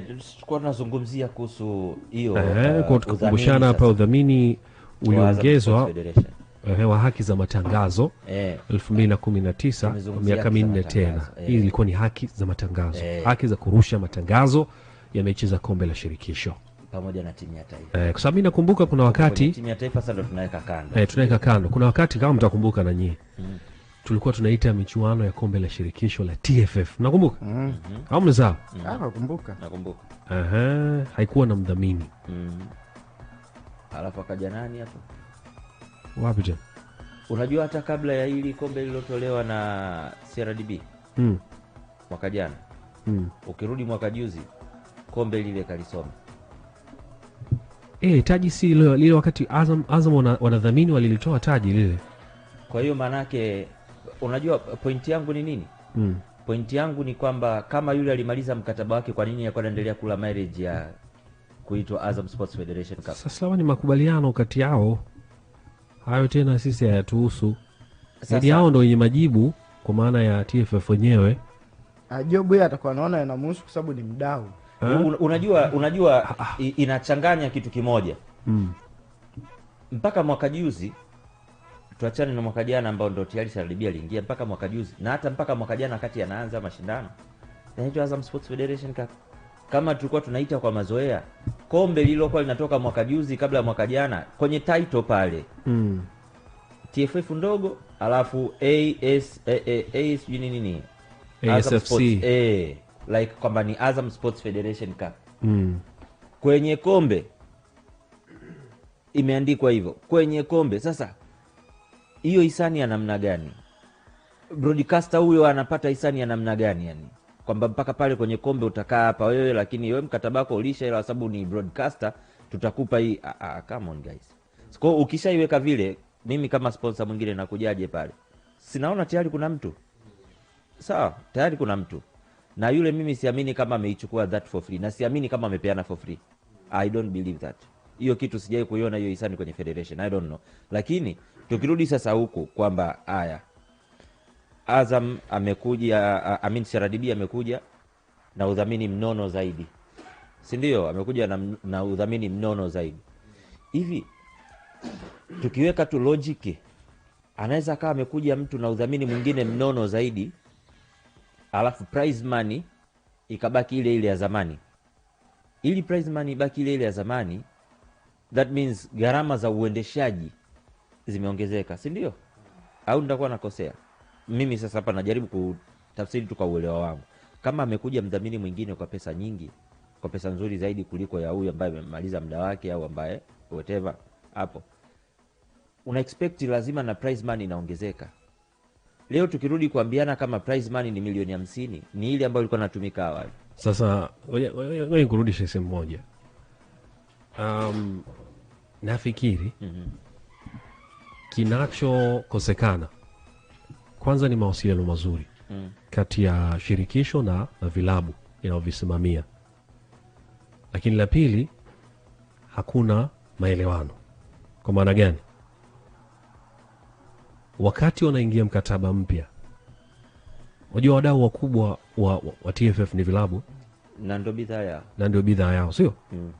Tulikuwa tunazungumzia kuhusu hiyo uh, tukumbushana hapa, udhamini uliongezwa wa haki za matangazo eh. elfu mbili na kumi na tisa kwa miaka minne tena. Eh. Hii ilikuwa ni haki za matangazo eh. haki za kurusha matangazo ya mechi za kombe la shirikisho pamoja na timu ya taifa eh, kwa sababu mimi nakumbuka kuna wakati timu ya taifa sasa tunaweka kando eh, tunaweka kando. Kuna wakati kama mtakumbuka na nyinyi mm tulikuwa tunaita michuano ya kombe la shirikisho la TFF, nakumbuka mm au mnazaa mm -hmm. nakumbuka haikuwa na mdhamini mm alafu akaja nani hapo wapi tena? Unajua, hata kabla ya hili kombe lililotolewa na CRDB mm. mwaka jana mm. ukirudi mwaka juzi kombe lile kalisoma E, taji si lile wakati Azam, Azam wanadhamini wana walilitoa taji lile. Kwa hiyo maanake unajua pointi yangu ni nini? mm. Pointi yangu ni kwamba kama yule alimaliza mkataba wake, kwa nini yakuwa anaendelea kula mileage ya kuitwa Azam Sports Federation Cup? Sasa ni makubaliano kati yao hayo, tena sisi hayatuhusu. Idi yao ndo yenye majibu kwa maana ya TFF wenyewe. ajobu ah, yeye atakuwa anaona yanamuhusu kwa sababu ni mdau. Eh? Unajua, unajua ah, ah. inachanganya kitu kimoja mm. mpaka mwaka juzi tuachane na mwaka jana ambao ndo tayari saribia aliingia mpaka mwaka juzi na hata mpaka mwaka jana wakati anaanza mashindano inaitwa Azam Sports Federation Cup kama tulikuwa tunaita kwa mazoea kombe lililokuwa linatoka mwaka juzi kabla ya mwaka jana kwenye title pale mm. TFF ndogo alafu AS eh, nini nini Azam eh, like kwamba ni Azam Sports Federation Cup mm. kwenye kombe imeandikwa hivyo kwenye kombe sasa hiyo hisani ya namna gani? Broadcaster huyo anapata hisani ya namna gani? Yani kwamba mpaka pale kwenye kombe utakaa hapa wewe, lakini wewe mkataba wako ulisha, ila sababu ni broadcaster tutakupa hii. Ah, ah, come on guys. so ukishaiweka vile, mimi kama sponsor mwingine nakujaje pale? Sinaona tayari kuna mtu sawa, tayari kuna mtu na yule, mimi siamini kama ameichukua that for free, na siamini kama amepeana for free. I don't believe that. Hiyo kitu sijai kuiona hiyo hisani kwenye federation. I don't know, lakini Tukirudi sasa huku kwamba haya Azam amekuja, Amin CRDB amekuja na udhamini mnono zaidi, sindio Amekuja na, na udhamini mnono zaidi. Hivi tukiweka tu lojiki, anaweza akawa amekuja mtu na udhamini mwingine mnono zaidi, alafu prize money ikabaki ile ile ya zamani, ili prize money ibaki ile ile ya zamani, that means gharama za uendeshaji zimeongezeka, si ndio? Au nitakuwa nakosea mimi? Sasa hapa najaribu kutafsiri tu kwa uelewa wangu. Kama amekuja mdhamini mwingine kwa pesa nyingi, kwa pesa nzuri zaidi kuliko ya huyu ambaye amemaliza muda wake au ambaye whatever hapo, una expect lazima na price money inaongezeka. Leo tukirudi kuambiana kama price money ni milioni hamsini, ni ile ambayo ilikuwa inatumika awali. Sasa ngoja nikurudishe sehemu moja, um, nafikiri mm -hmm kinachokosekana kwanza ni mawasiliano mazuri mm. kati ya shirikisho na, na vilabu inayovisimamia lakini la pili hakuna maelewano. Kwa maana gani? Wakati wanaingia mkataba mpya, wajua wadau wakubwa wa, wa, wa TFF ni vilabu na ndio bidhaa yao, na ndio bidhaa yao, sio mm.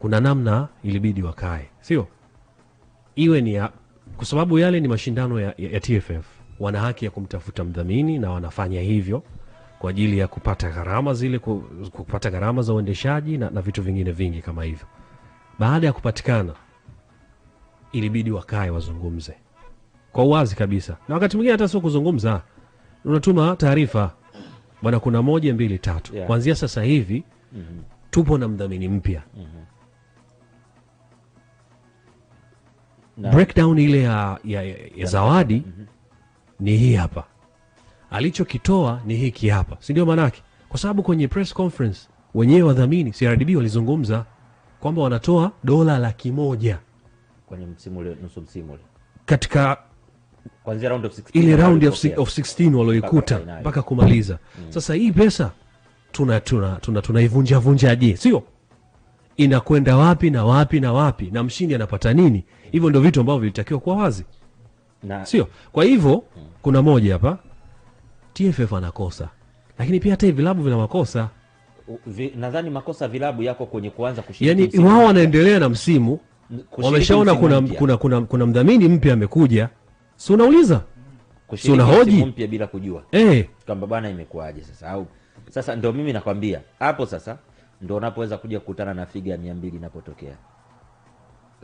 kuna namna ilibidi wakae, sio iwe ni ya kwa sababu yale ni mashindano ya, ya, ya TFF. Wana haki ya kumtafuta mdhamini na wanafanya hivyo kwa ajili ya kupata gharama zile, kupata gharama za uendeshaji na, na vitu vingine vingi kama hivyo. Baada ya kupatikana, ilibidi wakae wazungumze kwa uwazi kabisa, na wakati mwingine hata sio kuzungumza, unatuma taarifa bwana, kuna moja mbili tatu, yeah. Kuanzia sasa hivi mm -hmm. tupo na mdhamini mpya mm -hmm. na breakdown ile ya, ya, ya, ya zawadi mm -hmm. ni hii hapa, alichokitoa ni hiki hapa, si ndio? Maanake kwa sababu kwenye press conference wenyewe wadhamini CRDB walizungumza kwamba wanatoa dola laki moja kwenye msimu ule, nusu msimu ule, katika kwanzia round of 16 ile round of 16 walioikuta mpaka kumaliza. mm. Sasa hii pesa tuna tuna tunaivunja tuna, vunja je sio? inakwenda wapi na wapi na wapi na mshindi anapata nini. Hivyo ndio vitu ambavyo vilitakiwa kuwa wazi, sio? Kwa hivyo kuna moja hapa TFF anakosa, lakini pia hata vilabu vina makosa. Nadhani makosa vilabu yako kwenye kuanza yani wao wanaendelea na msimu, wameshaona kuna, kuna, kuna, kuna, kuna mdhamini mpya amekuja, si unauliza si unahoji mpya bila kujua eh, kwamba bwana imekuaje sasa, au sasa ndio mimi nakwambia hapo sasa ndo unapoweza kuja kukutana na figa ya mia mbili inapotokea.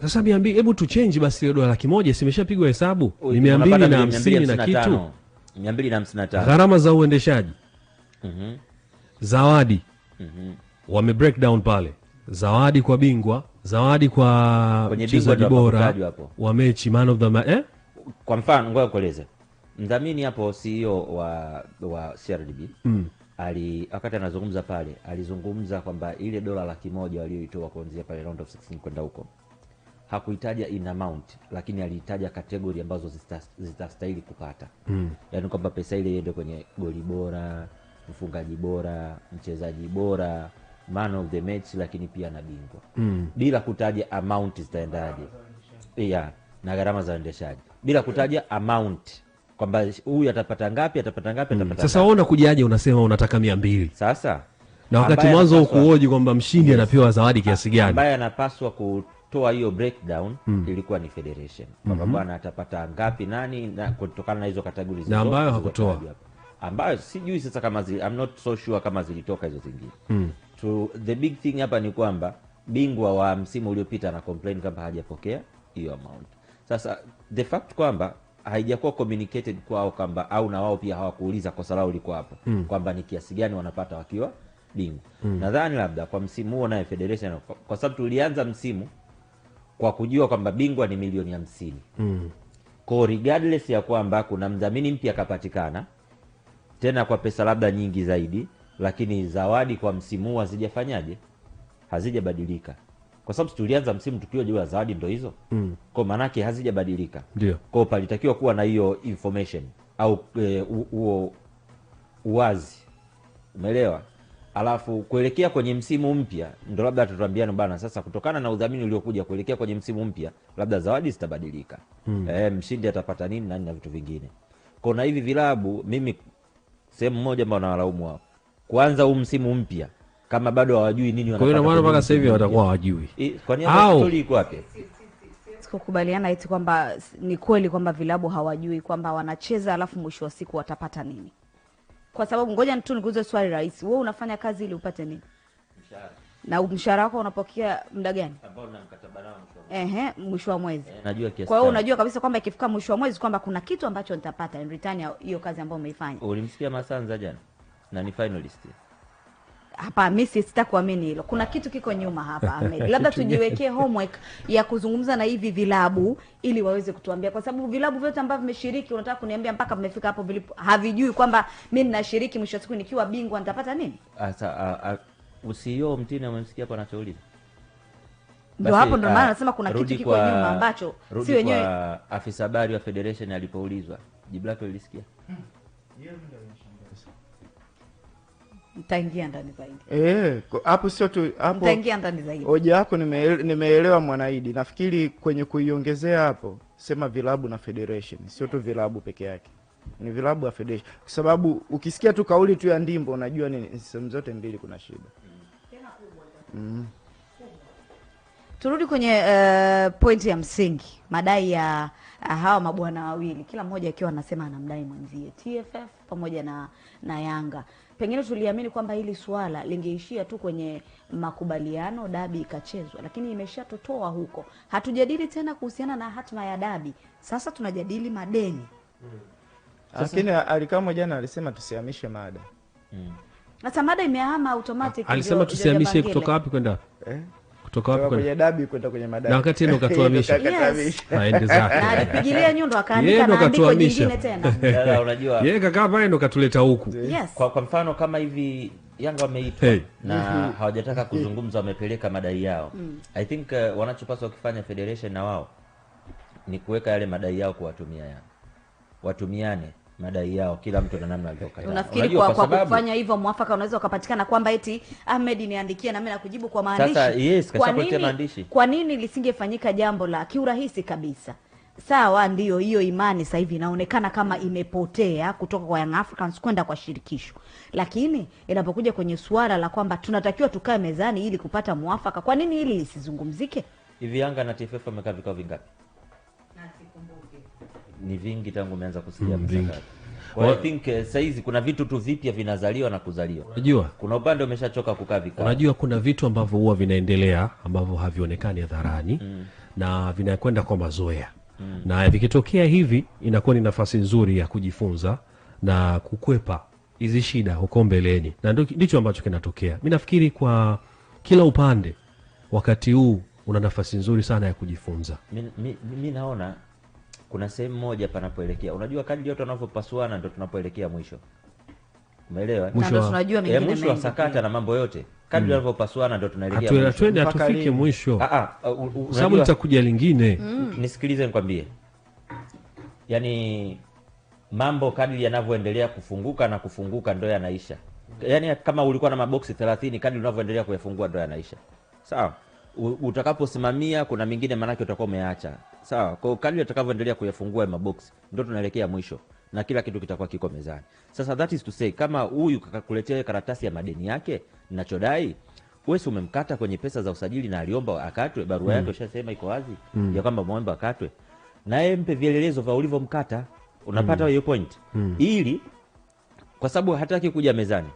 Sasa mia mbili, hebu tuchenji basi dola laki moja, simeshapigwa hesabu ni mia mbili na hamsini na kitu, mia mbili na hamsini na tano gharama za uendeshaji mm -hmm. zawadi mm -hmm. wame break down pale, zawadi kwa bingwa, zawadi kwa mchezaji bora wa mechi, man of the ma eh? Kwa mfano ngoja kueleza mdhamini hapo CEO wa, wa CRDB mm ali wakati anazungumza pale alizungumza kwamba ile dola laki moja walioitoa kuanzia pale round of 16 kwenda huko hakuitaja in amount, lakini aliitaja kategori ambazo zitastahili zita kupata mm. Yaani kwamba pesa ile iende kwenye goli bora, mfungaji bora, mchezaji bora, man of the match, lakini pia na bingwa mm. bila kutaja amount zitaendaje, yeah, na gharama za uendeshaji bila kutaja amount kwamba huyu atapata ngapi, atapata ngapi, hmm. atapata mm. Sasa wewe kujaje unasema unataka mia mbili sasa na wakati mwanzo ukuoji kwamba mshindi anapewa yes, zawadi kiasi gani? Ambaye anapaswa kutoa hiyo breakdown mm, ilikuwa ni federation hmm. kwamba mm -hmm, bwana atapata ngapi nani na kutokana na hizo kategori zote, na ambayo hakutoa ambayo sijui sasa kama zi, I'm not so sure kama zilitoka hizo zingine mm. to the big thing hapa ni kwamba bingwa wa msimu uliopita ana complain kwamba hajapokea hiyo amount. Sasa the fact kwamba haijakuwa communicated kwao kwamba au na wao pia hawakuuliza kosa lao liko hapo mm. kwamba ni kiasi gani wanapata wakiwa bingwa mm. nadhani labda kwa msimu huo naye federation kwa, kwa sababu tulianza msimu kwa kujua kwamba bingwa ni milioni hamsini mm. kwa regardless ya kwamba kuna mdhamini mpya akapatikana tena kwa pesa labda nyingi zaidi, lakini zawadi kwa msimu huu hazijafanyaje, hazijabadilika kwa sababu tulianza msimu tukiwa juu ya zawadi ndo hizo mm. kwa maanake hazijabadilika ndio kwao palitakiwa kuwa na hiyo information au huo eh, e, uwazi umeelewa alafu kuelekea kwenye msimu mpya ndo labda tutaambiana bana sasa kutokana na udhamini uliokuja kuelekea kwenye msimu mpya labda zawadi zitabadilika mm. e, mshindi atapata nini nani na vitu vingine kona hivi vilabu mimi sehemu moja ambao nawalaumu wao kuanza huu msimu mpya kama bado hawajui nini wanataka. Kwa hiyo maana mpaka sasa hivi watakuwa hawajui. Kwa nini story iko wapi? Sikukubaliana eti kwamba ni kweli kwamba vilabu hawajui kwamba wanacheza alafu mwisho wa siku watapata nini. Kwa sababu ngoja tu nikuuze swali rahisi. Wewe unafanya kazi ili upate nini? Mshahara. Na mshahara wako unapokea muda gani? Ambao na mkataba nao mshahara. Ehe, mwisho wa mwezi. E, najua kiasi. Kwa hiyo unajua kabisa kwamba ikifika mwisho wa mwezi kwamba kuna kitu ambacho nitapata in return hiyo kazi ambayo umeifanya. Ulimsikia Masanza jana? Na ni finalist hapa mi sitakuamini hilo, kuna kitu kiko nyuma hapa Ahmed. Labda tujiwekee homework ya kuzungumza na hivi vilabu ili waweze kutuambia, kwa sababu vilabu vyote ambavyo vimeshiriki, unataka kuniambia mpaka mmefika hapo vilipo havijui kwamba mi ninashiriki, mwisho wa siku nikiwa bingwa nitapata nini? asa usio mtini amemsikia hapo anachouliza, ndio hapo, ndio maana nasema kuna kitu kiko kwa, nyuma ambacho si wenyewe. Afisa habari wa federation alipoulizwa jibu lake ulisikia? hmm. yeah, Nitaingia ndani zaidi. Eh, hapo sio tu hapo. ndani zaidi. Hoja yako nimeelewa Mwanaidi. Nafikiri kwenye kuiongezea hapo sema vilabu na federation, sio tu vilabu peke yake. Ni vilabu na federation. Kwa sababu ukisikia tu kauli tu ya Ndimbo unajua ni sehemu zote mbili kuna shida. Mm. Turudi kwenye uh, pointi ya msingi, madai ya uh, hawa mabwana wawili, kila mmoja akiwa anasema anamdai mwenzie, TFF pamoja na, na Yanga. Pengine tuliamini kwamba hili swala lingeishia tu kwenye makubaliano, dabi ikachezwa, lakini imeshatotoa huko. Hatujadili tena kuhusiana na hatima ya dabi, sasa tunajadili madeni. Hmm. Lakini Alikamwe jana alisema tusihamishe mada hmm. Sasa mada imehama automatic. Alisema tusihamishe kutoka wapi kwenda Eh? kutoka wapi kwenye dabi kwenda kwenye madabi, na wakati yeye akatuhamisha aende zake, na alipigilia nyundo akaandika na andiko jingine tena. Unajua yeye kaka pale ndo katuleta huku. Kwa, kwa mfano kama hivi Yanga wameitwa hey, na mm -hmm, hawajataka kuzungumza, wamepeleka madai yao mm. I think uh, wanachopaswa kufanya federation na wao ni kuweka yale madai yao kuwatumia Yanga, watumiane madai yao, kila mtu na namna alivyokataa. Unafikiri kwa, kwa, sababu... kufanya hivyo mwafaka unaweza ukapatikana kwamba eti Ahmed niandikie na mimi nakujibu kwa maandishi. Sasa yes, kwa nini, maandishi. Kwa nini lisingefanyika jambo la kiurahisi kabisa? Sawa, ndiyo hiyo imani sasa hivi inaonekana kama imepotea kutoka kwa Young Africans kwenda kwa shirikisho, lakini inapokuja kwenye suala la kwamba tunatakiwa tukae mezani ili kupata mwafaka, kwa nini hili lisizungumzike? Hivi Yanga na TFF wamekaa vikao vingapi? ni vingi tangu umeanza kusikia mm, well, I think uh, saizi kuna vitu tu vipya vinazaliwa na kuzaliwa. Unajua kuna upande umeshachoka kukaa vikao. Unajua kuna vitu ambavyo huwa vinaendelea ambavyo havionekani hadharani mm. na vinakwenda kwa mazoea mm. na vikitokea hivi inakuwa ni nafasi nzuri ya kujifunza na kukwepa hizi shida huko mbeleni, na ndicho ambacho kinatokea. Mi nafikiri kwa kila upande wakati huu una nafasi nzuri sana ya kujifunza. Mi, mi, mi naona kuna sehemu moja panapoelekea, unajua kadri yote wanavyopasuana ndo tunapoelekea mwisho, umeelewa? Mwisho tunajua eh, mwisho wa sakata na mambo yote kadri mm. wanavyopasuana ndo tunaelekea, hatufike mwisho, ah, ah, sababu litakuja lingine. Mm. Nisikilize nikwambie, yani mambo kadri yanavyoendelea kufunguka na kufunguka ndo yanaisha. Yani kama ulikuwa na maboksi 30 kadri unavyoendelea kuyafungua ndo yanaisha, sawa? utakaposimamia kuna mingine maanake utakuwa umeacha sawa. kwao kadri atakavyoendelea kuyafungua maboksi, ndo tunaelekea mwisho na kila kitu kitakuwa kiko mezani. Sasa that is to say, kama huyu kakuletea karatasi ya madeni yake, nachodai wesi umemkata kwenye pesa za usajili na aliomba akatwe, barua yake ushasema mm. iko wazi mm. ya kwamba muomba akatwe, naye mpe vielelezo vya ulivyomkata. Unapata mm. hiyo point, mm. ili kwa sababu hataki kuja mezani,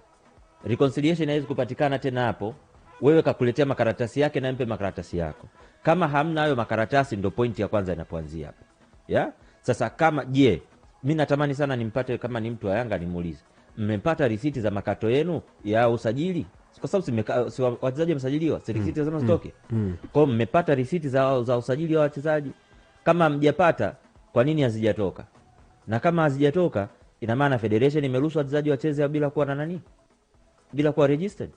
reconciliation haiwezi kupatikana tena hapo wewe kakuletea makaratasi yake na mpe makaratasi yako. Kama hamna hayo makaratasi, ndo pointi ya kwanza inapoanzia hapa ya Sasa kama je, mi natamani sana nimpate, kama ni mtu wa Yanga nimuulize, mmepata risiti za makato yenu ya usajili? Kwa sababu si wachezaji wamesajiliwa, si risiti lazima zitoke. mm. mm, mm. kwao mmepata risiti za, za usajili wa wachezaji? Kama mjapata kwa nini hazijatoka? Na kama hazijatoka, ina maana federation imeruhusu wachezaji wacheze bila kuwa na nani, bila kuwa registered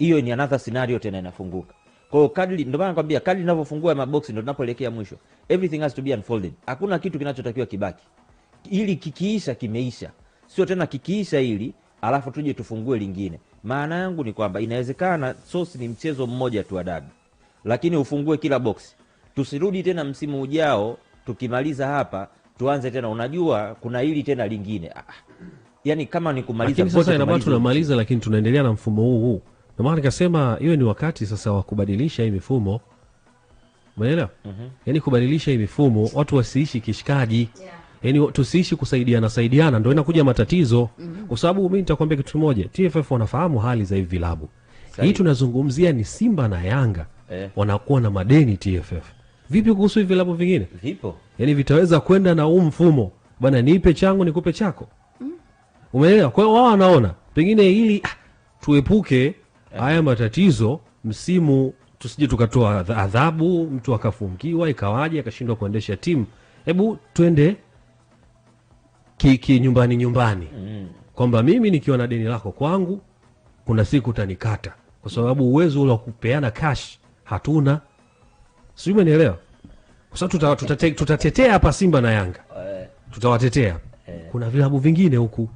hiyo ni another scenario tena inafunguka. kwao kadri, ndio maana nakwambia kadri ninavyofungua maboksi ndio tunapoelekea mwisho. Everything has to be unfolded. Hakuna kitu kinachotakiwa kibaki. Ili kikiisha kimeisha. Sio tena kikiisha hili alafu tuje tufungue lingine. Maana yangu ni kwamba inawezekana sosi ni mchezo mmoja tu adabu Lakini ufungue kila boksi. Tusirudi tena msimu ujao tukimaliza hapa tuanze tena, unajua kuna hili tena lingine. Ah. ah. yani kama ni kumaliza, sasa inabaki tunamaliza, lakini tunaendelea na mfumo huu huu. Ndio maana nikasema hiyo ni wakati sasa wa kubadilisha hii mifumo, umeelewa? mm-hmm. Yaani kubadilisha hii mifumo, watu wasiishi kishikaji yeah. Yaani tusiishi kusaidiana saidiana, ndio inakuja matatizo mm-hmm. Kwa sababu mimi nitakwambia kitu kimoja, TFF wanafahamu hali za hivi vilabu. Hii tunazungumzia ni Simba na Yanga eh. Wanakuwa na madeni TFF. Vipi kuhusu hivi vilabu vingine? Vipo. Yaani vitaweza kwenda na huu mfumo bana, niipe changu nikupe chako mm. Umeelewa? Kwa hiyo wao wanaona pengine ili ah, tuepuke haya matatizo msimu, tusije tukatoa adhabu mtu akafungiwa ikawaje akashindwa kuendesha timu. Hebu twende kiki nyumbani nyumbani, mm. kwamba mimi nikiwa na deni lako kwangu, kuna siku utanikata kwa sababu uwezo ule wa kupeana cash hatuna, sijui umenielewa. Kwa sababu tuta, tuta, tutatetea hapa Simba na Yanga, eh. tutawatetea. Eh. Kuna vilabu vingine huku